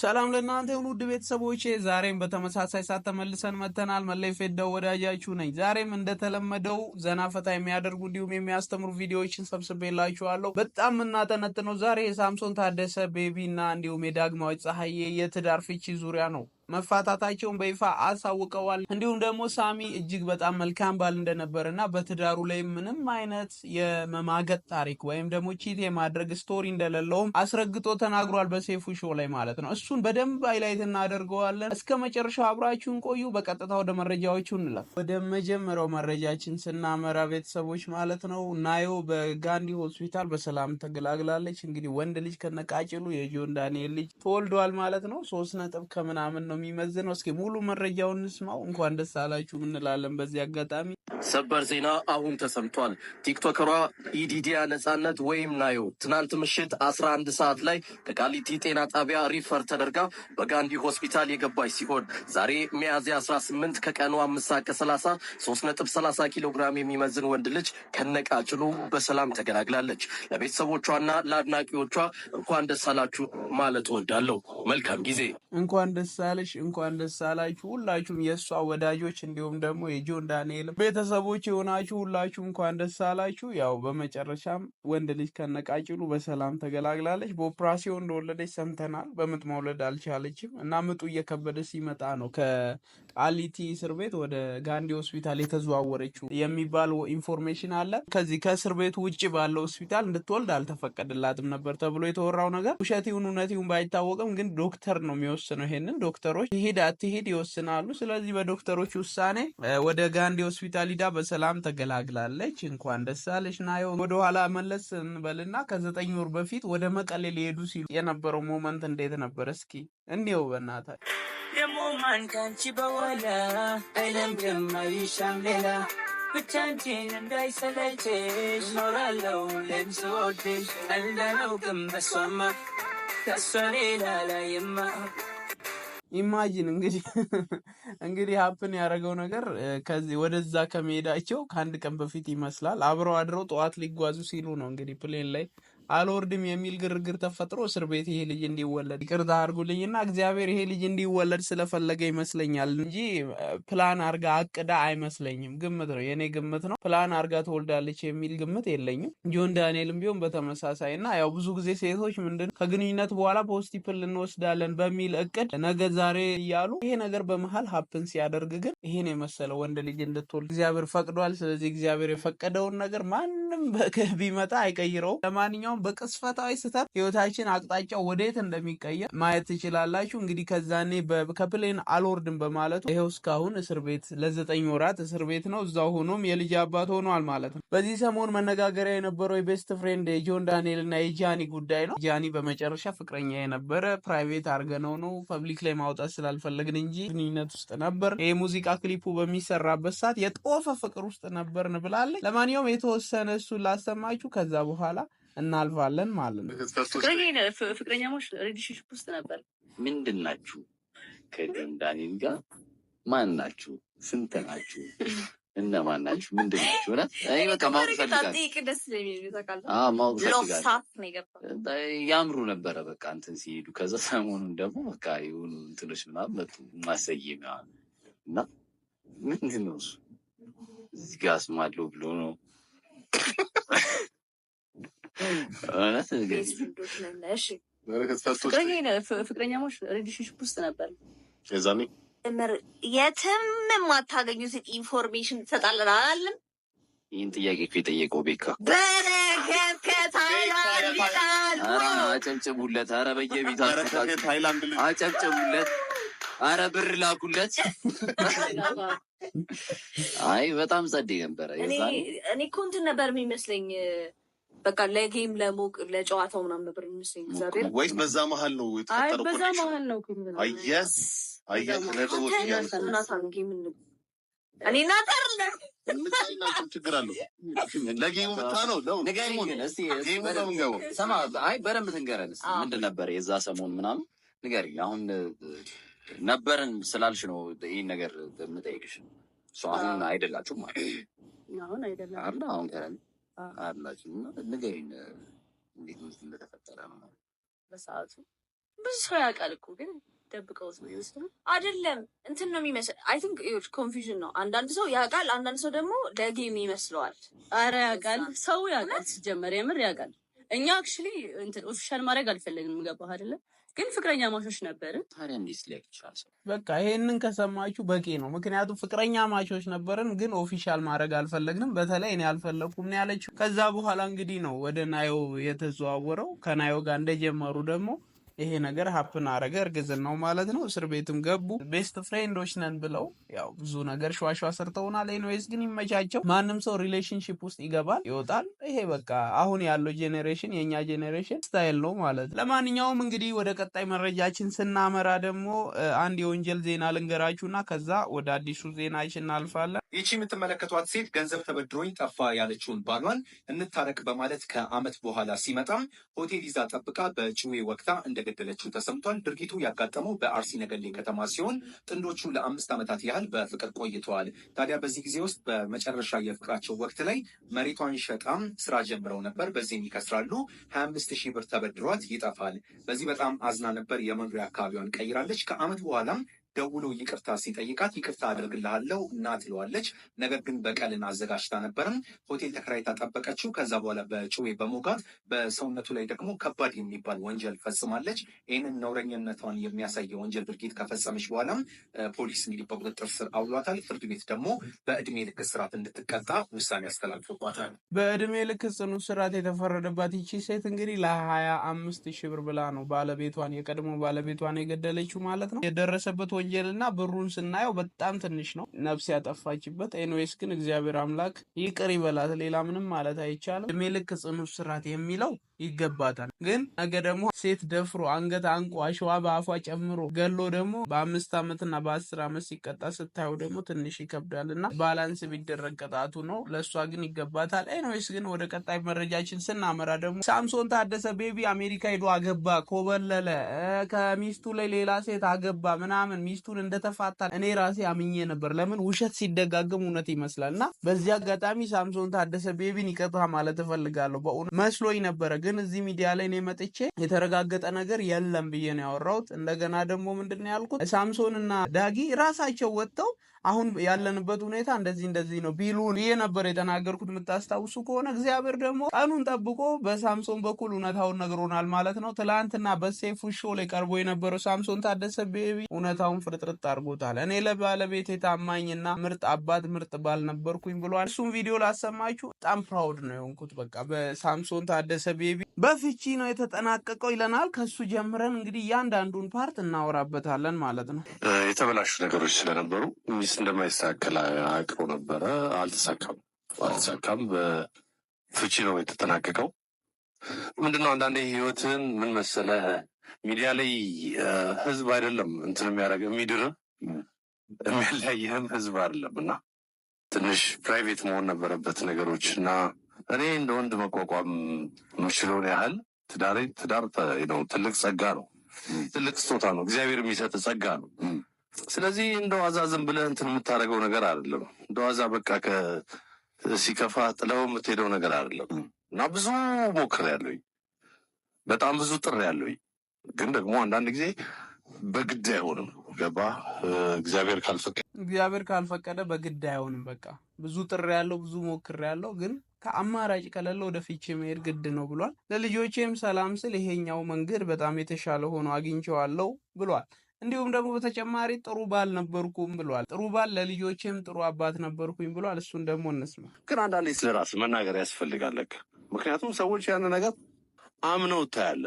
ሰላም ለእናንተ ይሁን ውድ ቤተሰቦቼ፣ ዛሬም በተመሳሳይ ሰዓት ተመልሰን መተናል። መለይ ፌዳው ወዳጃችሁ ነኝ። ዛሬም እንደተለመደው ዘናፈታ የሚያደርጉ እንዲሁም የሚያስተምሩ ቪዲዮዎችን ሰብስቤላችኋለሁ። በጣም የምናጠነጥነው ዛሬ የሳምሶን ታደሰ ቤቢ እና እንዲሁም የዳግማዊ ፀሐዬ የትዳር ፍቺ ዙሪያ ነው። መፋታታቸውን በይፋ አሳውቀዋል። እንዲሁም ደግሞ ሳሚ እጅግ በጣም መልካም ባል እንደነበር በትዳሩ ላይ ምንም አይነት የመማገጥ ታሪክ ወይም ደግሞ ቺት የማድረግ ስቶሪ እንደሌለውም አስረግጦ ተናግሯል። በሴፉ ሾ ላይ ማለት ነው። እሱን በደንብ ሃይላይት እናደርገዋለን። እስከ መጨረሻው አብራችሁን ቆዩ። በቀጥታ ወደ መረጃዎቹ እንለፍ። ወደ መጀመሪያው መረጃችን ስናመራ ቤተሰቦች ማለት ነው ናዮ በጋንዲ ሆስፒታል በሰላም ተገላግላለች። እንግዲህ ወንድ ልጅ ከነቃጭሉ የጆን ዳንኤል ልጅ ተወልዷል ማለት ነው። ሶስት ነጥብ ከምናምን ነው የሚመዝነው። እስኪ ሙሉ መረጃውን እንስማው። እንኳን ደስ አላችሁ እንላለን በዚህ አጋጣሚ። ሰበር ዜና አሁን ተሰምቷል። ቲክቶከሯ ኢዲዲያ ነጻነት ወይም ናዮ ትናንት ምሽት አስራ አንድ ሰዓት ላይ ከቃሊቲ ጤና ጣቢያ ሪፈር ተደርጋ በጋንዲ ሆስፒታል የገባች ሲሆን ዛሬ ሚያዝያ 18 ከቀኑ አምስት ሰዓት ከሰላሳ ሶስት ነጥብ ሰላሳ ኪሎ ግራም የሚመዝን ወንድ ልጅ ከነቃጭሉ በሰላም ተገላግላለች። ለቤተሰቦቿና ለአድናቂዎቿ እንኳን ደስ አላችሁ ማለት እወዳለሁ። መልካም ጊዜ። እንኳን ደስ አለሽ ስለሆነች እንኳን ደስ አላችሁ ሁላችሁም የእሷ ወዳጆች እንዲሁም ደግሞ የጆን ዳንኤል ቤተሰቦች የሆናችሁ ሁላችሁ እንኳን ደስ አላችሁ። ያው በመጨረሻም ወንድ ልጅ ከነቃጭሉ በሰላም ተገላግላለች። በኦፕራሲዮን እንደወለደች ሰምተናል። በምጥ መውለድ አልቻለችም እና ምጡ እየከበደ ሲመጣ ነው ከቃሊቲ እስር ቤት ወደ ጋንዲ ሆስፒታል የተዘዋወረችው የሚባል ኢንፎርሜሽን አለ። ከዚህ ከእስር ቤቱ ውጭ ባለው ሆስፒታል እንድትወልድ አልተፈቀደላትም ነበር ተብሎ የተወራው ነገር ውሸት ይሁን እውነት ይሁን ባይታወቅም፣ ግን ዶክተር ነው የሚወስነው ይሄንን ዶክተሩ ዶክተሮች ይሄድ አትሄድ ይወስናሉ። ስለዚህ በዶክተሮች ውሳኔ ወደ ጋንዲ ሆስፒታል ሂዳ በሰላም ተገላግላለች። እንኳን ደስ አለሽ ናዮ። ወደኋላ መለስ እንበልና ከዘጠኝ ወር በፊት ወደ መቀሌ ሊሄዱ ሲሉ የነበረው ሞመንት እንዴት ነበር? እስኪ እንዲው በናታል የሞማን ከንቺ በኋላ አይለምድም አይሻም ሌላ ብቻንቺን እንዳይሰለችሽ ኖራለው ለምስወድሽ ግን በሷማ ከሷ ሌላ ላይማ ኢማጂን እንግዲህ እንግዲህ ሀፕን ያደረገው ነገር ከዚህ ወደዛ ከመሄዳቸው ከአንድ ቀን በፊት ይመስላል። አብረው አድረው ጠዋት ሊጓዙ ሲሉ ነው እንግዲህ ፕሌን ላይ አልወርድም የሚል ግርግር ተፈጥሮ እስር ቤት ይሄ ልጅ እንዲወለድ ይቅርታ አድርጉልኝና እግዚአብሔር ይሄ ልጅ እንዲወለድ ስለፈለገ ይመስለኛል እንጂ ፕላን አርጋ አቅዳ አይመስለኝም። ግምት ነው የእኔ ግምት ነው። ፕላን አርጋ ትወልዳለች የሚል ግምት የለኝም። ጆን ዳንኤልም ቢሆን በተመሳሳይ እና ያው ብዙ ጊዜ ሴቶች ምንድን ከግንኙነት በኋላ ፖስቲፕል እንወስዳለን በሚል እቅድ ነገ ዛሬ እያሉ ይሄ ነገር በመሀል ሀፕን ሲያደርግ ግን ይሄን የመሰለ ወንድ ልጅ እንድትወልድ እግዚአብሔር ፈቅዷል። ስለዚህ እግዚአብሔር የፈቀደውን ነገር ማንም ቢመጣ አይቀይረውም። ለማንኛውም ሳይሆን በቅስፈታዊ ስህተት ህይወታችን አቅጣጫው ወዴት እንደሚቀየር ማየት ትችላላችሁ። እንግዲህ ከዛኔ ከፕሌን አልወርድም በማለቱ ይኸው እስካሁን እስር ቤት ለዘጠኝ ወራት እስር ቤት ነው። እዛው ሆኖም የልጅ አባት ሆኗል ማለት ነው። በዚህ ሰሞን መነጋገሪያ የነበረው የቤስት ፍሬንድ የጆን ዳንኤል እና የጃኒ ጉዳይ ነው። ጃኒ በመጨረሻ ፍቅረኛ የነበረ ፕራይቬት አድርገነው ነው ፐብሊክ ላይ ማውጣት ስላልፈለግን እንጂ ግንኙነት ውስጥ ነበር፣ የሙዚቃ ክሊፑ በሚሰራበት ሰዓት የጦፈ ፍቅር ውስጥ ነበርን ብላለች። ለማንኛውም የተወሰነ እሱን ላሰማችሁ ከዛ በኋላ እናልፋለን ማለት ነው። ፍቅረኛሞች ሬዲሽንሽፕ ውስጥ ነበር። ምንድን ናችሁ? ከዲም ዳኒን ጋር ማን ናችሁ? ስንት ናችሁ? እነማን ናችሁ? ምንድን ናችሁ? ያምሩ ነበረ በቃ እንትን ሲሄዱ። ከዛ ሰሞኑን ደግሞ በቃ የሆኑ እንትኖች ምናምን መጡ ማሰየሚያ እና ምንድን ነው እሱ እዚህ ጋ አስማለሁ ብሎ ነው ፍቅረኛሞች ሪሌሽንሽፕ ውስጥ የትም የማታገኙት ኢንፎርሜሽን ትሰጣለን አላለም። ይህን ጥያቄ እኮ የጠየቀው ቤካ አጨብጭቡለት። አረ አጨብጭቡለት። አረ ብር ላኩለት። አይ በጣም ጸዴ ነበረ። እኔ እኮ እንትን ነበር የሚመስለኝ በቃ ለጌም ለሞቅ ለጨዋታው ምናምን ነበር የሚመስለኝ። እግዚአብሔር ወይስ በዛ መሀል ነው የተፈጠረው? በዛ መሀል ነው አየስ በደንብ ትንገረን ምንድን ነበር የዛ ሰሞን ምናምን ንገሪኝ። አሁን ነበርን ስላልሽ ነው ይህን ነገር የምጠይቅሽ። አሁን አይደላችሁም? አሁን አይደለም። አላችሁ ንገሪኝ፣ እንዴት እንደተፈጠረ ነው። በሰዓቱ ብዙ ሰው ያውቃል እኮ ግን ደብቀውት ነው አይደለም። እንትን ነው የሚመስል አይ ቲንክ ኮንፊውዥን ነው። አንዳንድ ሰው ያውቃል፣ አንዳንድ ሰው ደግሞ ደጌም ይመስለዋል። አረ ያውቃል፣ ሰው ያውቃል፣ ሲጀመር የምር ያውቃል። እኛ አክቹዋሊ እንትን ኦፊሻል ማድረግ አልፈለግንም። ገባህ አይደለም ግን ፍቅረኛ ማቾች ነበርን። በቃ ይሄንን ከሰማችሁ በቂ ነው። ምክንያቱም ፍቅረኛ ማቾች ነበርን፣ ግን ኦፊሻል ማድረግ አልፈለግንም። በተለይ እኔ አልፈለግኩም ያለችው። ከዛ በኋላ እንግዲህ ነው ወደ ናዮ የተዘዋወረው። ከናዮ ጋር እንደጀመሩ ደግሞ ይሄ ነገር ሀፕን አረገ፣ እርግዝን ነው ማለት ነው። እስር ቤትም ገቡ። ቤስት ፍሬንዶች ነን ብለው ያው ብዙ ነገር ሸዋሸዋ ሰርተውናል። ኤኒዌይስ ግን ይመቻቸው። ማንም ሰው ሪሌሽንሽፕ ውስጥ ይገባል ይወጣል። ይሄ በቃ አሁን ያለው ጄኔሬሽን የእኛ ጄኔሬሽን ስታይል ነው ማለት ነው። ለማንኛውም እንግዲህ ወደ ቀጣይ መረጃችን ስናመራ ደግሞ አንድ የወንጀል ዜና ልንገራችሁና ከዛ ወደ አዲሱ ዜናችን እናልፋለን። ይቺ የምትመለከቷት ሴት ገንዘብ ተበድሮኝ ጠፋ ያለችውን ባሏን እንታረቅ በማለት ከዓመት በኋላ ሲመጣም ሆቴል ይዛ ጠብቃ በጭዌ ወቅታ እንደገደለችው ተሰምቷል። ድርጊቱ ያጋጠመው በአርሲ ነገሌ ከተማ ሲሆን ጥንዶቹ ለአምስት ዓመታት ያህል በፍቅር ቆይተዋል። ታዲያ በዚህ ጊዜ ውስጥ በመጨረሻ የፍቅራቸው ወቅት ላይ መሬቷን ሸጣም ስራ ጀምረው ነበር። በዚህም ይከስራሉ። ሀያ አምስት ሺህ ብር ተበድሯት ይጠፋል። በዚህ በጣም አዝና ነበር። የመኖሪያ አካባቢዋን ቀይራለች። ከዓመት በኋላም ደውሎ ይቅርታ ሲጠይቃት ይቅርታ አድርግልሃለው እና ትለዋለች። ነገር ግን በቀልን አዘጋጅታ ነበርም። ሆቴል ተከራይታ ጠበቀችው። ከዛ በኋላ በጩቤ በሞጋት በሰውነቱ ላይ ደግሞ ከባድ የሚባል ወንጀል ፈጽማለች። ይህንን ነውረኝነቷን የሚያሳየ ወንጀል ድርጊት ከፈጸመች በኋላም ፖሊስ እንግዲህ በቁጥጥር ስር አውሏታል። ፍርድ ቤት ደግሞ በእድሜ ልክ ስርዓት እንድትቀጣ ውሳኔ ያስተላልፍባታል። በእድሜ ልክ ጽኑ ስርዓት የተፈረደባት ይቺ ሴት እንግዲህ ለሀያ አምስት ሺህ ብር ብላ ነው ባለቤቷን የቀድሞ ባለቤቷን የገደለችው ማለት ነው የደረሰበት ወንጀልና ብሩን ስናየው በጣም ትንሽ ነው ነፍስ ያጠፋችበት። ኤንዌስ ግን እግዚአብሔር አምላክ ይቅር ይበላት። ሌላ ምንም ማለት አይቻልም። እድሜ ልክ ጽኑ እስራት የሚለው ይገባታል። ግን ነገ ደግሞ ሴት ደፍሮ አንገት አንቆ አሸዋ በአፏ ጨምሮ ገሎ ደግሞ በአምስት ዓመትና በአስር ዓመት ሲቀጣ ስታዩ ደግሞ ትንሽ ይከብዳል እና ባላንስ ቢደረግ ቅጣቱ ነው። ለእሷ ግን ይገባታል። ኤኒዌይስ ግን ወደ ቀጣይ መረጃችን ስናመራ ደግሞ ሳምሶን ታደሰ ቤቢ አሜሪካ ሄዶ አገባ፣ ኮበለለ፣ ከሚስቱ ላይ ሌላ ሴት አገባ ምናምን ሚስቱን እንደተፋታ እኔ ራሴ አምኜ ነበር። ለምን ውሸት ሲደጋገም እውነት ይመስላል እና በዚህ አጋጣሚ ሳምሶን ታደሰ ቤቢን ይቅርታ ማለት እፈልጋለሁ። በእውነት መስሎኝ ነበረ ግን ግን እዚህ ሚዲያ ላይ እኔ መጥቼ የተረጋገጠ ነገር የለም ብዬ ነው ያወራሁት። እንደገና ደግሞ ምንድን ነው ያልኩት ሳምሶን እና ዳጊ ራሳቸው ወጥተው አሁን ያለንበት ሁኔታ እንደዚህ እንደዚህ ነው ቢሉ ብዬ ነበር የተናገርኩት። የምታስታውሱ ከሆነ እግዚአብሔር ደግሞ ቀኑን ጠብቆ በሳምሶን በኩል እውነታውን ነግሮናል ማለት ነው። ትላንትና በሴፉ ሾ ላይ ቀርቦ የነበረው ሳምሶን ታደሰ ቤቢ እውነታውን ፍርጥርጥ አድርጎታል። እኔ ለባለቤት የታማኝና ምርጥ አባት ምርጥ ባል ነበርኩኝ ብሏል። እሱም ቪዲዮ ላሰማችሁ። በጣም ፕራውድ ነው የሆንኩት በቃ በሳምሶን ታደሰ ቤቢ በፍቺ ነው የተጠናቀቀው ይለናል። ከሱ ጀምረን እንግዲህ እያንዳንዱን ፓርት እናወራበታለን ማለት ነው የተበላሹ ነገሮች ስለነበሩ አዲስ እንደማይሳካል አቅሮ ነበረ። አልተሳካም አልተሳካም። በፍቺ ነው የተጠናቀቀው። ምንድነው አንዳንዴ ህይወትን ምን መሰለ ሚዲያ ላይ ህዝብ አይደለም እንትን የሚያደርግ የሚድር የሚያለያየህም ህዝብ አይደለም እና ትንሽ ፕራይቬት መሆን ነበረበት ነገሮች እና እኔ እንደ ወንድ መቋቋም የምችለውን ያህል ትዳሬ ትዳር ነው። ትልቅ ጸጋ ነው። ትልቅ ስጦታ ነው። እግዚአብሔር የሚሰጥ ጸጋ ነው። ስለዚህ እንደዋዛ ዝም ብለህ እንትን የምታደርገው ነገር አይደለም። እንደዋዛ በቃ ሲከፋ ጥለው የምትሄደው ነገር አይደለም እና ብዙ ሞክር ያለኝ በጣም ብዙ ጥር ያለኝ ግን ደግሞ አንዳንድ ጊዜ በግድ አይሆንም። ገባ እግዚአብሔር ካልፈቀደ እግዚአብሔር ካልፈቀደ በግድ አይሆንም። በቃ ብዙ ጥር ያለው ብዙ ሞክር ያለው ግን ከአማራጭ ከሌለ ወደ ፊቼ መሄድ ግድ ነው ብሏል። ለልጆቼም ሰላም ስል ይሄኛው መንገድ በጣም የተሻለ ሆኖ አግኝቼዋለሁ ብሏል። እንዲሁም ደግሞ በተጨማሪ ጥሩ ባል ነበርኩም ብሏል። ጥሩ ባል ለልጆችም ጥሩ አባት ነበርኩኝ ብሏል። እሱን ደግሞ እንስማ። ግን አንዳንዴ ስለ ራስ መናገር ያስፈልጋለክ። ምክንያቱም ሰዎች ያን ነገር አምነው ታያለ።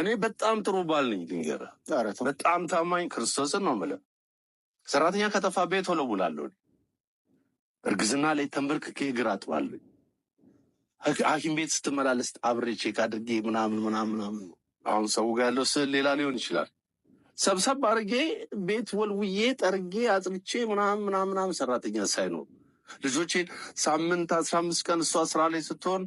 እኔ በጣም ጥሩ ባል ነኝ፣ ልንገርህ፣ በጣም ታማኝ ክርስቶስን ነው ምለ ሰራተኛ ከተፋ ቤት ወለውላለሁ። እርግዝና ላይ ተንበርክኬ እግር አጥባለሁ። ሐኪም ቤት ስትመላለስ አብሬ ቼክ አድርጌ ምናምን ምናምን ምናምን። አሁን ሰው ጋር ያለው ስዕል ሌላ ሊሆን ይችላል ሰብሰብ አድርጌ ቤት ወልውዬ ጠርጌ አጥርቼ ምናምን ምናምናም ሰራተኛ ሳይኖር ልጆቼን ሳምንት አስራ አምስት ቀን እሷ ስራ ላይ ስትሆን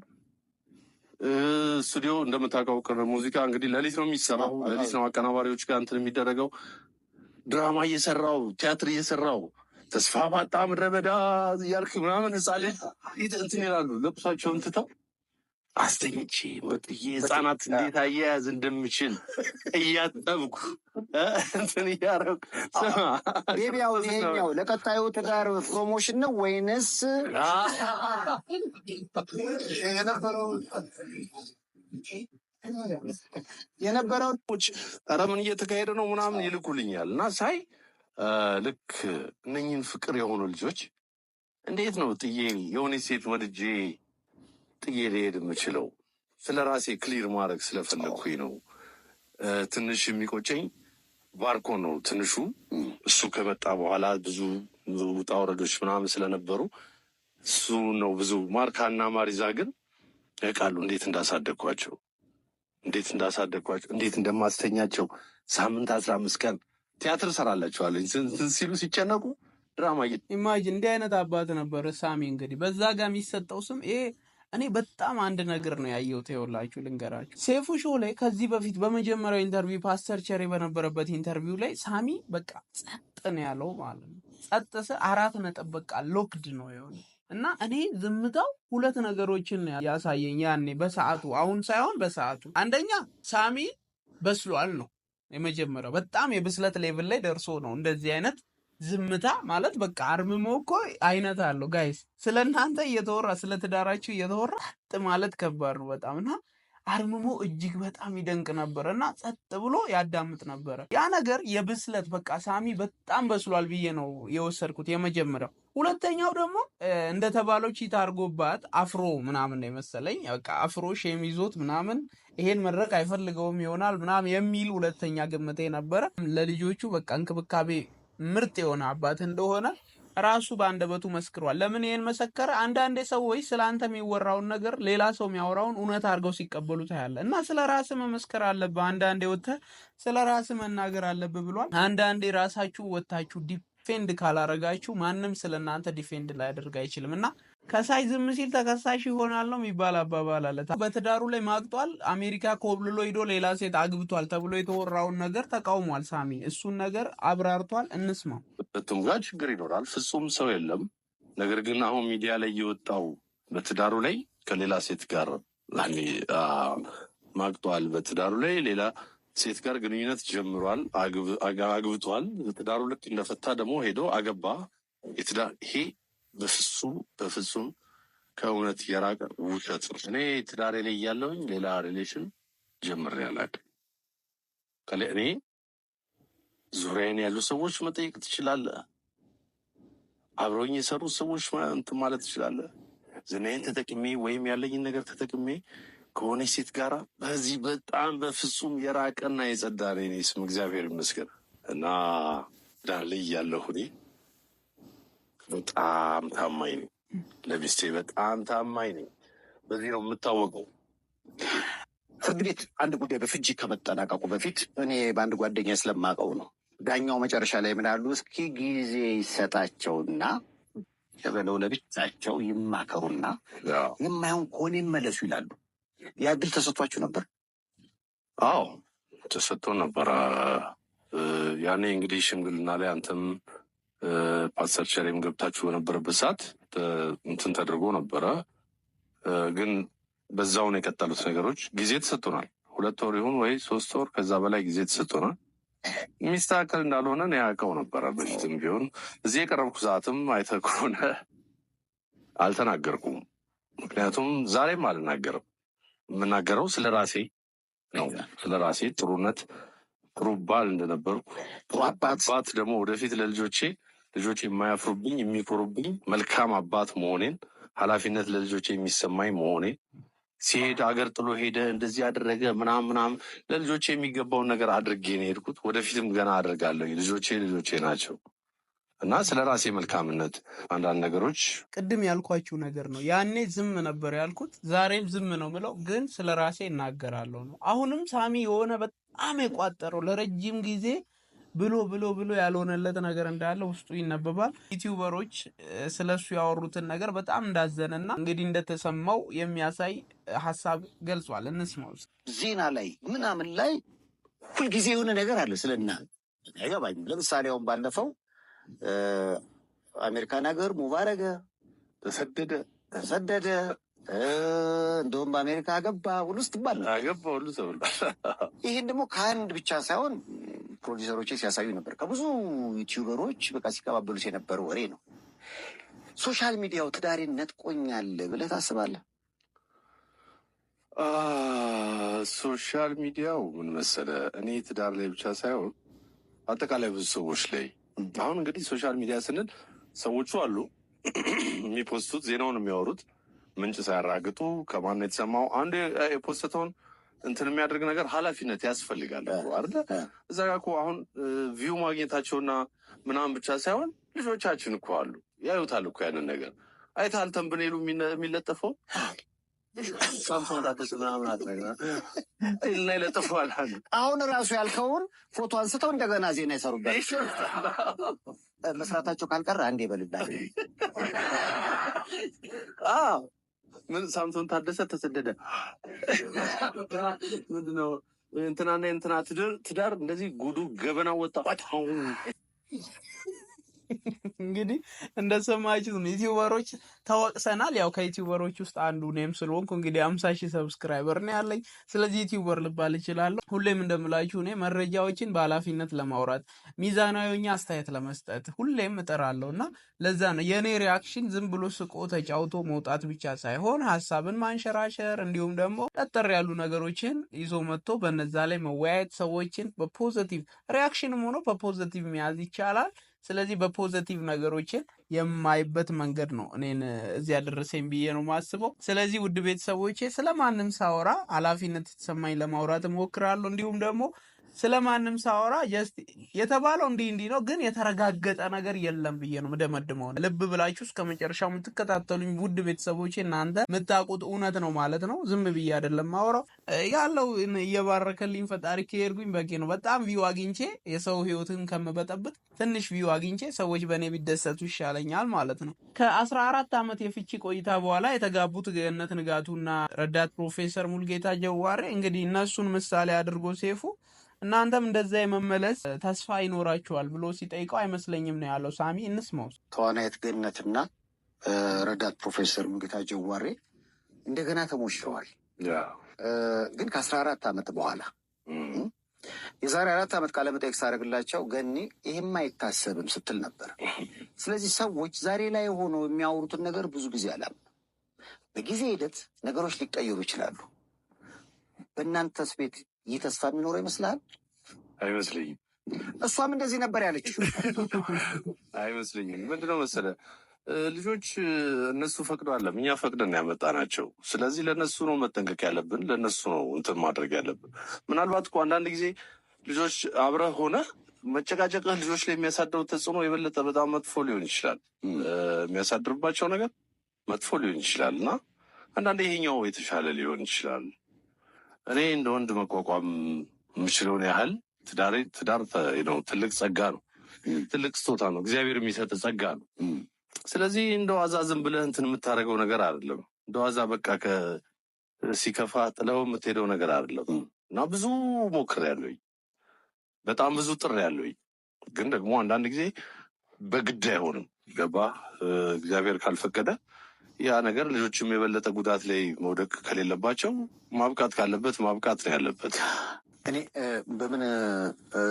ስቱዲዮ እንደምታውቀው ቅር ሙዚቃ እንግዲህ ለሊት ነው የሚሰራው። ለሊት ነው አቀናባሪዎች ጋር እንትን የሚደረገው። ድራማ እየሰራው ቲያትር እየሰራው ተስፋ ባጣ ምድረ በዳ እያልክ ምናምን ህጻሌ እንትን ይላሉ። ለብሳቸውን ትተው አስተኝቼ ወጥዬ ህፃናት እንዴት አያያዝ እንደምችል እያጠብኩ እንትን እያረኩ ቤቢያው ይሄኛው ለቀጣዩ ትዳር ፕሮሞሽን ነው ወይንስ የነበረው ኧረ ምን እየተካሄደ ነው ምናምን ይልኩልኛል እና ሳይ ልክ እነኝን ፍቅር የሆኑ ልጆች እንዴት ነው ጥዬ የሆነ ሴት ወድጄ ጥዬ ሊሄድ የምችለው ስለ ራሴ ክሊር ማድረግ ስለፈለግኩኝ ነው። ትንሽ የሚቆጨኝ ባርኮ ነው ትንሹ። እሱ ከመጣ በኋላ ብዙ ውጣ ወረዶች ምናምን ስለነበሩ እሱ ነው ብዙ። ማርካና ማሪዛ ግን ያውቃሉ እንዴት እንዳሳደግኳቸው እንዴት እንዳሳደግኳቸው እንዴት እንደማስተኛቸው ሳምንት አስራ አምስት ቀን ቲያትር ሰራላቸዋለኝ ሲሉ ሲጨነቁ ድራማ። ኢማጂን እንዲህ አይነት አባት ነበር ሳሚ። እንግዲህ በዛ ጋር የሚሰጠው ስም ይሄ እኔ በጣም አንድ ነገር ነው ያየሁት። ይኸውላችሁ ልንገራችሁ፣ ሴፉ ሾ ላይ ከዚህ በፊት በመጀመሪያው ኢንተርቪው ፓስተር ቸሬ በነበረበት ኢንተርቪው ላይ ሳሚ በቃ ጸጥ ነው ያለው ማለት ነው። ጸጥ ስ አራት ነጥብ በቃ ሎክድ ነው የሆነ እና እኔ ዝምታው ሁለት ነገሮችን ያሳየኝ ያኔ በሰዓቱ አሁን ሳይሆን በሰዓቱ አንደኛ ሳሚ በስሏል ነው የመጀመሪያው። በጣም የብስለት ሌቭል ላይ ደርሶ ነው እንደዚህ አይነት ዝምታ ማለት በቃ አርምሞ እኮ አይነት አለው ጋይስ። ስለ እናንተ እየተወራ ስለ ትዳራችሁ እየተወራ ጥ ማለት ከባድ ነው በጣም እና አርምሞ እጅግ በጣም ይደንቅ ነበረ እና ጸጥ ብሎ ያዳምጥ ነበረ። ያ ነገር የብስለት በቃ ሳሚ በጣም በስሏል ብዬ ነው የወሰድኩት የመጀመሪያው። ሁለተኛው ደግሞ እንደተባለው ቺታ አርጎባት አፍሮ ምናምን ነው የመሰለኝ በቃ አፍሮ ሼም ይዞት ምናምን ይሄን መድረክ አይፈልገውም ይሆናል ምናምን የሚል ሁለተኛ ግምቴ ነበረ። ለልጆቹ በቃ እንክብካቤ ምርጥ የሆነ አባት እንደሆነ ራሱ በአንደበቱ መስክሯል። ለምን ይሄን መሰከረ? አንዳንዴ ሰዎች ስለ አንተ የሚወራውን ነገር ሌላ ሰው የሚያወራውን እውነት አድርገው ሲቀበሉ ታያለ እና ስለ ራስ መመስከር አለብህ። አንዳንዴ ወጥተህ ስለ ራስ መናገር አለብህ ብሏል። አንዳንዴ ራሳችሁ ወጥታችሁ ዲፌንድ ካላረጋችሁ ማንም ስለ እናንተ ዲፌንድ ላያደርግ አይችልም እና ከሳሽ ዝም ሲል ተከሳሽ ይሆናል ነው የሚባል አባባል አለ። በትዳሩ ላይ ማቅጧል አሜሪካ ኮብልሎ ሂዶ ሌላ ሴት አግብቷል ተብሎ የተወራውን ነገር ተቃውሟል። ሳሚ እሱን ነገር አብራርቷል፣ እንስማው። ሁለቱም ጋር ችግር ይኖራል፣ ፍጹም ሰው የለም። ነገር ግን አሁን ሚዲያ ላይ የወጣው በትዳሩ ላይ ከሌላ ሴት ጋር ማቅጧል በትዳሩ ላይ ሌላ ሴት ጋር ግንኙነት ጀምሯል፣ አግብቷል፣ ትዳሩ ልክ እንደፈታ ደግሞ ሄዶ አገባ ይሄ በፍጹም በፍጹም ከእውነት የራቀ ውሸት ነው። እኔ ትዳሬ ላይ እያለሁኝ ሌላ ሪሌሽን ጀምሬ አላውቅም። እኔ ዙሪያን ያሉ ሰዎች መጠየቅ ትችላለህ። አብረውኝ የሰሩ ሰዎች እንትን ማለት ትችላለህ። ዝናዬን ተጠቅሜ ወይም ያለኝን ነገር ተጠቅሜ ከሆነች ሴት ጋራ በዚህ በጣም በፍጹም የራቀና የጸዳ ነው የእኔ ስም እግዚአብሔር ይመስገን እና ዳር ላይ እያለሁ እኔ በጣም ታማኝ ነኝ፣ ለሚስቴ በጣም ታማኝ ነኝ። በዚህ ነው የምታወቀው። ፍርድ ቤት አንድ ጉዳይ በፍጅ ከመጠናቀቁ በፊት እኔ በአንድ ጓደኛ ስለማውቀው ነው ዳኛው መጨረሻ ላይ ምናሉ፣ እስኪ ጊዜ ይሰጣቸውና ተበለው ለብቻቸው ይማከሩና የማይሆን ከሆነ ይመለሱ ይላሉ። ያ እድል ተሰጥቷችሁ ነበር? አዎ ተሰጥቶ ነበር። ያኔ እንግዲህ ሽምግልና ላይ አንተም ፓስተር ቸሬም ገብታችሁ በነበረበት ሰዓት እንትን ተደርጎ ነበረ። ግን በዛው ነው የቀጠሉት ነገሮች። ጊዜ ተሰጥቶናል፣ ሁለት ወር ይሁን ወይ ሶስት ወር ከዛ በላይ ጊዜ ተሰጥቶናል። የሚስተካከል እንዳልሆነ ነው ያውቀው ነበረ። በፊትም ቢሆን እዚህ የቀረብኩ ሰዓትም አይተህ ከሆነ አልተናገርኩም። ምክንያቱም ዛሬም አልናገርም። የምናገረው ስለ ራሴ ነው፣ ስለ ራሴ ጥሩነት፣ ጥሩ ባል እንደነበርኩ ጥሩ አባት ደግሞ ወደፊት ለልጆቼ ልጆች የማያፍሩብኝ የሚኮሩብኝ መልካም አባት መሆኔን ኃላፊነት ለልጆች የሚሰማኝ መሆኔን ሲሄድ አገር ጥሎ ሄደ እንደዚህ ያደረገ ምናም ምናም ለልጆቼ የሚገባውን ነገር አድርጌ ነው ሄድኩት። ወደፊትም ገና አድርጋለሁ። ልጆቼ ልጆቼ ናቸው እና ስለ ራሴ መልካምነት አንዳንድ ነገሮች ቅድም ያልኳችሁ ነገር ነው። ያኔ ዝም ነበር ያልኩት፣ ዛሬም ዝም ነው ብለው ግን ስለ ራሴ እናገራለሁ ነው። አሁንም ሳሚ የሆነ በጣም የቋጠረው ለረጅም ጊዜ ብሎ ብሎ ብሎ ያልሆነለት ነገር እንዳለ ውስጡ ይነበባል። ዩቲዩበሮች ስለሱ ያወሩትን ነገር በጣም እንዳዘነና እንግዲህ እንደተሰማው የሚያሳይ ሀሳብ ገልጿል። እንስማው። ዜና ላይ ምናምን ላይ ሁልጊዜ የሆነ ነገር አለ ስለና አይገባኝም። ለምሳሌ አሁን ባለፈው አሜሪካን ሀገር ሙባረገ ተሰደደ ተሰደደ እንደውም በአሜሪካ አገባ ሁሉ ስትባል ነው አገባ ሁሉ ተብሏል። ይህን ደግሞ ከአንድ ብቻ ሳይሆን ፕሮዲሰሮች ሲያሳዩ ነበር። ከብዙ ዩቲዩበሮች በቃ ሲቀባበሉት የነበረ ወሬ ነው። ሶሻል ሚዲያው ትዳሬን ነጥቆኛል ብለህ ታስባለህ? ሶሻል ሚዲያው ምን መሰለ እኔ ትዳር ላይ ብቻ ሳይሆን አጠቃላይ ብዙ ሰዎች ላይ አሁን እንግዲህ ሶሻል ሚዲያ ስንል ሰዎቹ አሉ የሚፖስቱት ዜናውን የሚያወሩት ምንጭ ሳያራግጡ ከማን የተሰማው አንዱ የፖስተተውን እንትን የሚያደርግ ነገር ኃላፊነት ያስፈልጋል አይደለ? እዛ ጋ እኮ አሁን ቪው ማግኘታቸውና ምናምን ብቻ ሳይሆን ልጆቻችን እኮ አሉ ያዩታል እኮ ያንን ነገር አልተን ተንብኔሉ የሚለጠፈው እና ይለጥፈዋል። አሁን ራሱ ያልከውን ፎቶ አንስተው እንደገና ዜና ይሰሩበት መስራታቸው ካልቀረ አንዴ በልዳ ምን ሳምሶን ታደሰ ተሰደደ። ምንድነው እንትናና እንትና ትዳር እንደዚህ ጉዱ ገበና ወጣ። እንግዲህ እንደሰማችሁ ነው። ዩቲዩበሮች ተወቅሰናል። ያው ከዩቲዩበሮች ውስጥ አንዱ እኔም ስለሆንኩ እንግዲህ አምሳ ሺህ ሰብስክራይበር ነው ያለኝ። ስለዚህ ዩቲዩበር ልባል እችላለሁ። ሁሌም እንደምላችሁ እኔ መረጃዎችን በኃላፊነት ለማውራት ሚዛናዊ አስተያየት ለመስጠት ሁሌም እጥራለሁ እና ለዛ ነው የእኔ ሪያክሽን ዝም ብሎ ስቆ ተጫውቶ መውጣት ብቻ ሳይሆን ሀሳብን ማንሸራሸር እንዲሁም ደግሞ ጠጠር ያሉ ነገሮችን ይዞ መጥቶ በነዛ ላይ መወያየት ሰዎችን በፖዘቲቭ ሪያክሽንም ሆኖ በፖዘቲቭ መያዝ ይቻላል። ስለዚህ በፖዘቲቭ ነገሮችን የማይበት መንገድ ነው እኔን እዚህ ያደረሰኝ ብዬ ነው ማስበው። ስለዚህ ውድ ቤተሰቦቼ ስለማንም ሳወራ ኃላፊነት የተሰማኝ ለማውራት እሞክራለሁ እንዲሁም ደግሞ ማንም ሳወራ የተባለው እንዲህ እንዲህ ነው፣ ግን የተረጋገጠ ነገር የለም ብዬ ነው ምደመድመው። ልብ ብላችሁ እስከ መጨረሻው የምትከታተሉኝ ውድ ቤተሰቦቼ እናንተ የምታውቁት እውነት ነው ማለት ነው። ዝም ብዬ አይደለም ማወራው ያለው እየባረከልኝ ፈጣሪ ከሄድኩኝ በቂ ነው። በጣም ቪው አግኝቼ የሰው ህይወትን ከምበጠብጥ ትንሽ ቪው አግኝቼ ሰዎች በእኔ ቢደሰቱ ይሻለኛል ማለት ነው። ከአስራ አራት ዓመት የፍቺ ቆይታ በኋላ የተጋቡት ገነት ንጋቱና ረዳት ፕሮፌሰር ሙልጌታ ጀዋሬ እንግዲህ እነሱን ምሳሌ አድርጎ ሴፉ እናንተም እንደዛ የመመለስ ተስፋ ይኖራችኋል ብሎ ሲጠይቀው አይመስለኝም ነው ያለው። ሳሚ እንስማው። ተዋናይት ገነትና ረዳት ፕሮፌሰር ሙሉጌታ ጀዋሬ እንደገና ተሞሽረዋል። ግን ከአስራ አራት ዓመት በኋላ የዛሬ አራት ዓመት ቃለመጠይቅ ሳደርግላቸው ገኒ ይህም አይታሰብም ስትል ነበር። ስለዚህ ሰዎች ዛሬ ላይ ሆኖ የሚያወሩትን ነገር ብዙ ጊዜ አላም በጊዜ ሂደት ነገሮች ሊቀየሩ ይችላሉ። በእናንተስ ቤት ይህ ተስፋ የሚኖረው ይመስልሃል? አይመስለኝም። እሷም እንደዚህ ነበር ያለችው። አይመስለኝም። ምንድነው መሰለህ ልጆች እነሱ ፈቅዶ አለም እኛ ፈቅደን ያመጣ ናቸው። ስለዚህ ለእነሱ ነው መጠንቀቅ ያለብን፣ ለእነሱ ነው እንትን ማድረግ ያለብን። ምናልባት እኮ አንዳንድ ጊዜ ልጆች አብረህ ሆነ መጨቃጨቅህ ልጆች ላይ የሚያሳድረው ተጽዕኖ የበለጠ በጣም መጥፎ ሊሆን ይችላል። የሚያሳድርባቸው ነገር መጥፎ ሊሆን ይችላል እና አንዳንድ ይሄኛው የተሻለ ሊሆን ይችላል። እኔ እንደ ወንድ መቋቋም የምችለውን ያህል ትዳሬ ትዳር ነው። ትልቅ ጸጋ ነው። ትልቅ ስጦታ ነው። እግዚአብሔር የሚሰጥ ጸጋ ነው። ስለዚህ እንደ ዋዛ ዝም ብለህ እንትን የምታደርገው ነገር አይደለም። እንደ ዋዛ በቃ ሲከፋ ጥለው የምትሄደው ነገር አይደለም እና ብዙ ሞክሬያለሁ። በጣም ብዙ ጥሬያለሁ። ግን ደግሞ አንዳንድ ጊዜ በግድ አይሆንም። ገባ እግዚአብሔር ካልፈቀደ ያ ነገር ልጆችም የበለጠ ጉዳት ላይ መውደቅ ከሌለባቸው ማብቃት ካለበት ማብቃት ነው ያለበት። እኔ በምን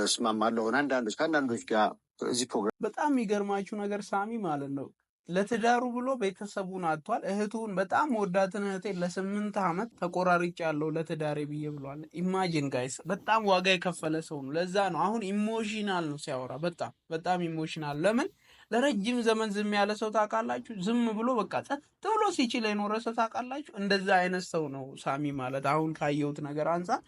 እስማማለሁ አንዳንዶች ከአንዳንዶች ጋር እዚህ ፕሮግራም በጣም የሚገርማችሁ ነገር ሳሚ ማለት ነው ለትዳሩ ብሎ ቤተሰቡን አጥቷል። እህቱን በጣም ወዳትን እህቴ ለስምንት ዓመት ተቆራርጭ ያለው ለትዳሬ ብዬ ብሏል። ኢማጂን ጋይስ፣ በጣም ዋጋ የከፈለ ሰው ነው። ለዛ ነው አሁን ኢሞሽናል ነው ሲያወራ፣ በጣም በጣም ኢሞሽናል ለምን ለረጅም ዘመን ዝም ያለ ሰው ታውቃላችሁ? ዝም ብሎ በቃ ጸጥ ብሎ ሲችል የኖረ ሰው ታውቃላችሁ? እንደዛ አይነት ሰው ነው ሳሚ ማለት አሁን ካየሁት ነገር አንጻር።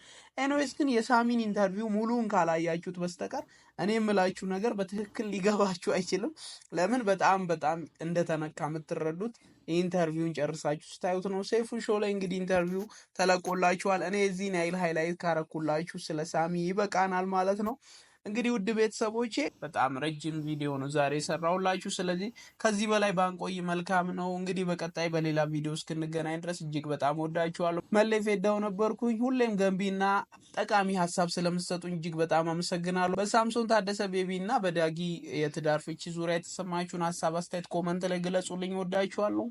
ኤንዌስ ግን የሳሚን ኢንተርቪው ሙሉን ካላያችሁት በስተቀር እኔ የምላችሁ ነገር በትክክል ሊገባችሁ አይችልም። ለምን በጣም በጣም እንደተነካ የምትረዱት ኢንተርቪውን ጨርሳችሁ ስታዩት ነው። ሴፉ ሾ ላይ እንግዲህ ኢንተርቪው ተለቆላችኋል። እኔ የዚህን ያህል ሃይላይት ካረኩላችሁ ስለ ሳሚ ይበቃናል ማለት ነው። እንግዲህ ውድ ቤተሰቦቼ በጣም ረጅም ቪዲዮ ነው ዛሬ የሰራሁላችሁ። ስለዚህ ከዚህ በላይ ባንቆይ መልካም ነው። እንግዲህ በቀጣይ በሌላ ቪዲዮ እስክንገናኝ ድረስ እጅግ በጣም ወዳችኋለሁ። መለፌዳው ፌዳው ነበርኩኝ። ሁሌም ገንቢና ጠቃሚ ሀሳብ ስለምሰጡኝ እጅግ በጣም አመሰግናለሁ። በሳምሶን ታደሰ ቤቢ እና በዳጊ የትዳር ፍቺ ዙሪያ የተሰማችሁን ሀሳብ አስተያየት ኮመንት ላይ ግለጹልኝ። ወዳችኋለሁ።